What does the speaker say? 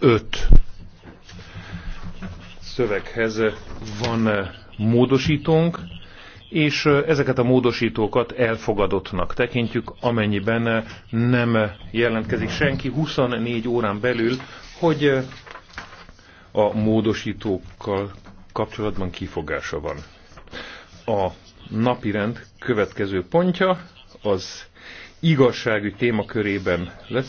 5 szöveghez van eh, módosítónk, és eh, ezeket a módosítókat elfogadottnak tekintjük, amennyiben eh, nem jelentkezik senki 24 órán belül, hogy a módosítókkal kapcsolatban kifogása van. A napirend következő pontja az igazságügy témakörében lesz.